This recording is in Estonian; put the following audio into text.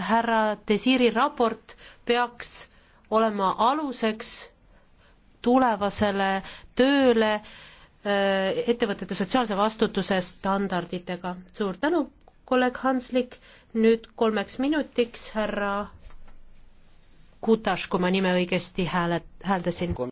härra Desiri raport peaks olema aluseks tulevasele tööle äh, ettevõtete sotsiaalse vastutuse standarditega. suur tänu, kolleeg Hanslik, nüüd kolmeks minutiks härra Kutas, kui ma nime õigesti hääle, hääldasin.